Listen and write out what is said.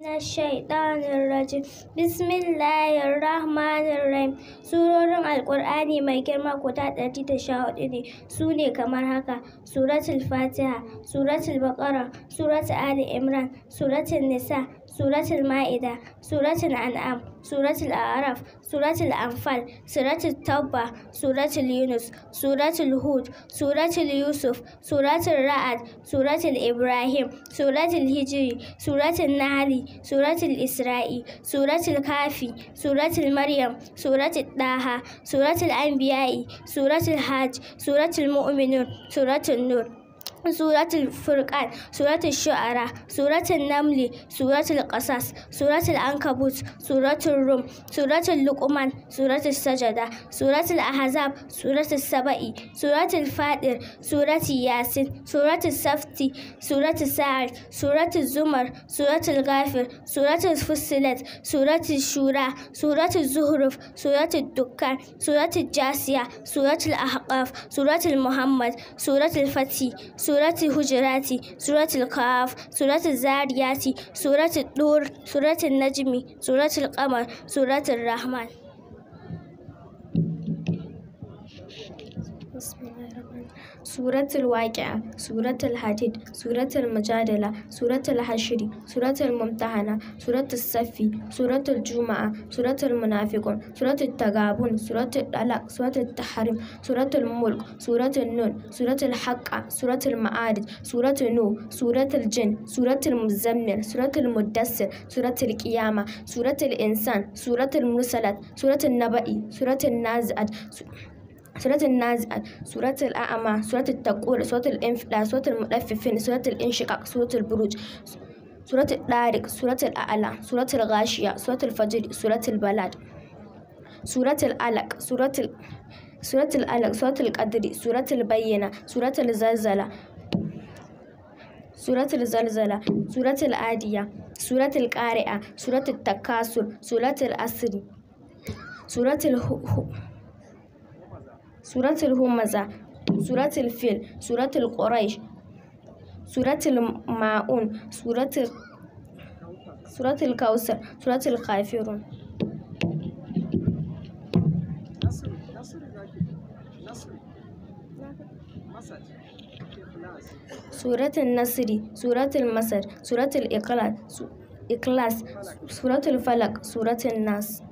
na shaitanin rajim bismillahir rahmanir rahim surorin alkur'ani mai girma guda ɗari da sha hudu ne su ne kamar haka suratul fatiha suratul baqara suratul al imran suratul nisa suratul ma'ida suratul an'am سورة الأعراف سورة الأنفال سورة التوبة سورة اليونس سورة الهود سورة اليوسف سورة الرعد سورة الإبراهيم سورة الهجري سورة النعل سورة الإسرائي سورة الكافي سورة المريم سورة الطه سورة الأنبياء سورة الحج سورة المؤمنون سورة النور سورة الفرقان سورة الشعراء سورة النمل سورة القصص سورة العنكبوت سورة الروم سورة اللقمان سورة السجدة سورة الأحزاب سورة السبئي سورة الفاتر سورة ياسين سورة السفتي سورة السعد سورة الزمر سورة الغافر سورة الفصلت سورة الشورى سورة الزهرف سورة الدكان سورة الجاسية سورة الأحقاف سورة المحمد سورة الفتي سورة الهجرات سورة القاف سورة الزاريات سورة الدور سورة النجم سورة القمر سورة الرحمن بسم الله الرحمن سورة الواقعة سورة الحديد سورة المجادلة سورة الحشر سورة الممتحنة سورة السفي سورة الجمعة سورة المنافقون سورة التقابون سورة الألق سورة التحريم سورة الملك سورة النون سورة الحق سورة المعارج سورة نو سورة الجن سورة المزمل سورة المدسر سورة القيامة سورة الإنسان سورة المرسلات سورة النبأ سورة النازعات سورة النازعات سورة الأعمى سورة التقور سورة الإنفلا سورة المطففين سورة الإنشقاق سورة البروج سورة الدارك سورة الأعلى سورة الغاشية سورة الفجر سورة البلد سورة الألق سورة ال... سورة الألق سورة القدر سورة البينة سورة الزلزلة سورة الزلزلة سورة العادية سورة القارئة سورة التكاثر سورة الأسر سورة الهو سورة الهمزة سورة الفيل سورة القريش سورة المعون سورة سورة الكوثر سورة الكافرون سورة النصر سورة المصر سورة الإخلاص سورة الفلق سورة الناس